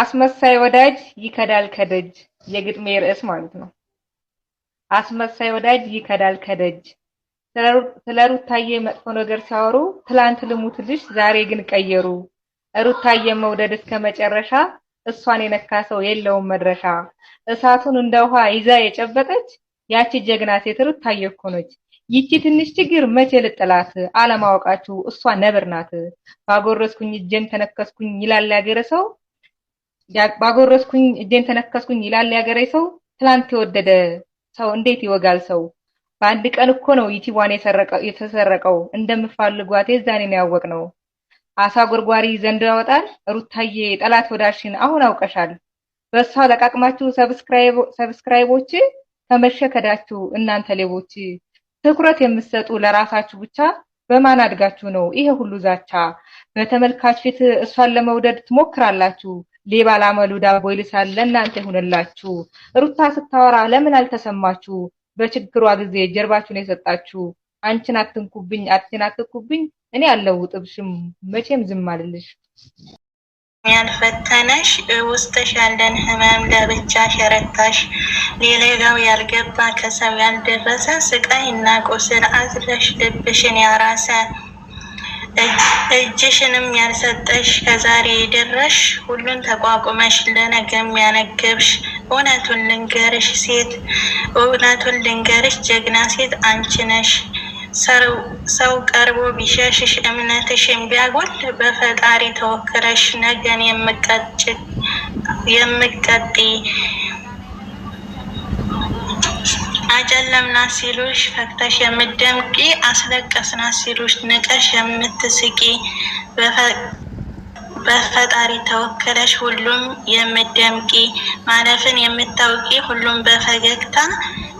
አስመሳይ ወዳጅ ይከዳል ከደጅ የግጥሜ ርዕስ ማለት ነው። አስመሳይ ወዳጅ ይከዳል ከደጅ ስለ ሩታዬ መጥፎ ነገር ሲያወሩ ትላንት ልሙትልሽ ዛሬ ግን ቀየሩ። ሩታዬ መውደድ እስከ መጨረሻ እሷን የነካ ሰው የለውም መድረሻ። እሳቱን እንደ ውሃ ይዛ የጨበጠች ያቺ ጀግና ሴት ሩታዬ እኮ ነች። ይቺ ትንሽ ችግር መቼ ልጥላት? አለማወቃችሁ እሷ ነብር ናት። ባጎረስኩኝ እጄን ተነከስኩኝ ይላል ያገረ ሰው ባጎረስኩኝ እጄን ተነከስኩኝ ይላል ያገሬ ሰው። ትላንት የወደደ ሰው እንዴት ይወጋል ሰው? በአንድ ቀን እኮ ነው ዩቲቧን የተሰረቀው። እንደምፋልጓት የዛኔ ነው ነው። አሳ ጎርጓሪ ዘንድ ያወጣል። ሩታዬ ጠላት ወዳሽን አሁን አውቀሻል። በእሷ ለቃቅማችሁ ሰብስክራይቦች ከመሸከዳችሁ እናንተ ሌቦች ትኩረት የምትሰጡ ለራሳችሁ ብቻ በማን አድጋችሁ ነው ይሄ ሁሉ ዛቻ? በተመልካች ፊት እሷን ለመውደድ ትሞክራላችሁ ሌባ ላመሉ ዳቦ ይልሳል ለእናንተ ይሁንላችሁ። ሩታ ስታወራ ለምን አልተሰማችሁ? በችግሯ ጊዜ ጀርባችሁን የሰጣችሁ አንቺን አትንኩብኝ፣ አንቺን አትንኩብኝ፣ እኔ አልለውጥብሽም፣ መቼም ዝም አልልሽ። ያልፈተነሽ ውስጥሽ ያለን ህመም ለብቻሽ ሸረታሽ ሌላው ያልገባ ከሰው ያልደረሰ ስቃይ እና ቁስል አዝለሽ ልብሽን ያራሰ እጅሽንም ያልሰጠሽ ከዛሬ የደረሽ ሁሉን ተቋቁመሽ ለነገም ያነገብሽ እውነቱን ልንገርሽ ሴት እውነቱን ልንገርሽ ጀግና ሴት አንቺ ነሽ። ሰው ቀርቦ ቢሸሽሽ እምነትሽን ቢያጎል በፈጣሪ ተወክረሽ ነገን የምቀጥ አጨለምናት ሲሉሽ ፈክተሽ የምደምቂ አስለቀስናት ሲሉሽ ንቀሽ የምትስቂ በፈጣሪ ተወከለሽ ሁሉም የምደምቂ ማለፍን የምታውቂ ሁሉም በፈገግታ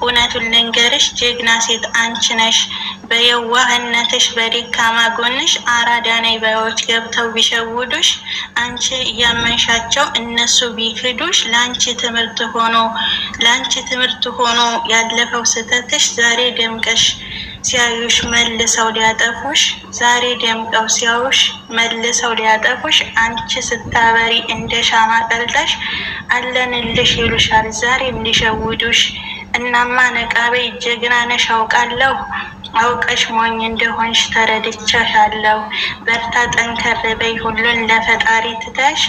እውነቱን ልንገርሽ ጀግና ሴት አንቺ ነሽ። በየዋህነትሽ በደካማ ጎንሽ አራዳ ነይ ባዮች ገብተው ቢሸውዱሽ አንቺ እያመንሻቸው እነሱ ቢክዱሽ ለአንቺ ትምህርት ሆኖ ለአንቺ ትምህርት ሆኖ ያለፈው ስህተትሽ ዛሬ ደምቀሽ ሲያዩሽ መልሰው ሊያጠፉሽ፣ ዛሬ ደምቀው ሲያዩሽ መልሰው ሊያጠፉሽ። አንቺ ስታበሪ እንደ ሻማ ቀልጠሽ አለንልሽ ይሉሻል ዛሬም ሊሸውዱሽ። እናማ ነቃበይ ጀግና ነሽ አውቃለሁ አውቀሽ ሞኝ እንደሆንሽ ተረድቻሻለሁ። በርታ ጠንከር በይ ሁሉን ለፈጣሪ ትተሽ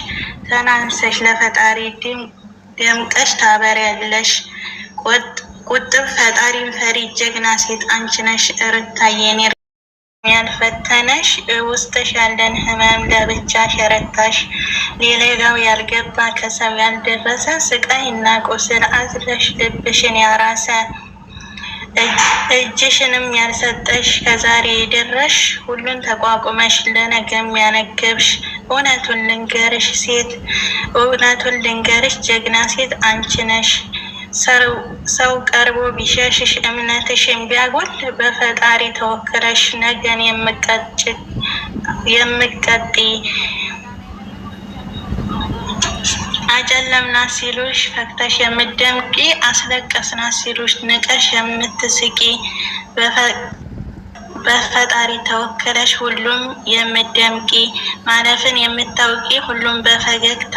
ተናንሰሽ ለፈጣሪ ደምቀሽ ታበሪያለሽ። ቆጥ ቁጥብ ፈጣሪን ፈሪ ጀግና ሴት አንቺ ነሽ ርታዬ ያልፈተነሽ ውስጥሽ ያለን ህመም ለብቻ ሸረታሽ ሌላው ያልገባ ከሰው ያልደረሰ ስቃይ እና ቁስል አዝለሽ ልብሽን ያራሰ እጅሽንም ያልሰጠሽ ከዛሬ የደረሽ ሁሉን ተቋቁመሽ ለነገም ያነገብሽ እውነቱን ልንገርሽ ሴት እውነቱን ልንገርሽ ጀግና ሴት አንቺ ነሽ። ሰው ቀርቦ ቢሸሽሽ እምነትሽን ቢያጎል በፈጣሪ ተወክረሽ ነገን የምቀጢ አጨለምናት ሲሉሽ ፈክተሽ የምደምቂ አስለቀስናት ሲሉሽ ንቀሽ የምትስቂ በፈጣሪ ተወክለሽ ሁሉም የምደምቂ ማለፍን የምታውቂ ሁሉም በፈገግታ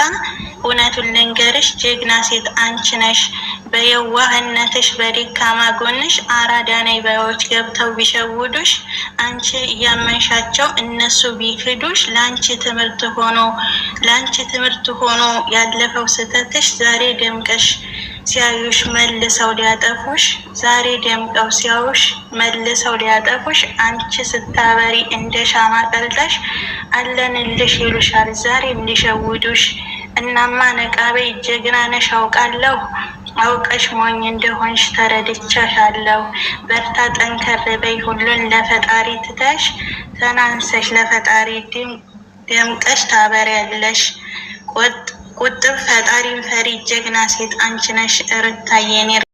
እውነቱን ልንገርሽ ጀግና ሴት አንቺ ነሽ። በየዋህነትሽ በደካማ ጎንሽ አራዳ ነይ ባዮች ገብተው ቢሸውዱሽ አንቺ እያመንሻቸው እነሱ ቢክዱሽ ለአንቺ ትምህርት ሆኖ ለአንቺ ትምህርት ሆኖ ያለፈው ስህተትሽ ዛሬ ደምቀሽ ሲያዩሽ መልሰው ሊያጠፉሽ፣ ዛሬ ደምቀው ሲያዩሽ መልሰው ሊያጠፉሽ። አንቺ ስታበሪ እንደ ሻማ ቀልጠሽ አለንልሽ ይሉሻል ዛሬም ሊሸውዱሽ። እናማ ነቃቤ ጀግና ነሽ አውቃለሁ፣ አውቀሽ ሞኝ እንደሆንሽ ተረድቻሻለሁ። በርታ ጠንከር በይ ሁሉን ለፈጣሪ ትተሽ፣ ተናንሰሽ ለፈጣሪ ደምቀሽ ታበሪያለሽ ቆጥ ቁጥብ፣ ፈጣሪን ፈሪ ጀግና ሴት አንቺ ነሽ ሩታ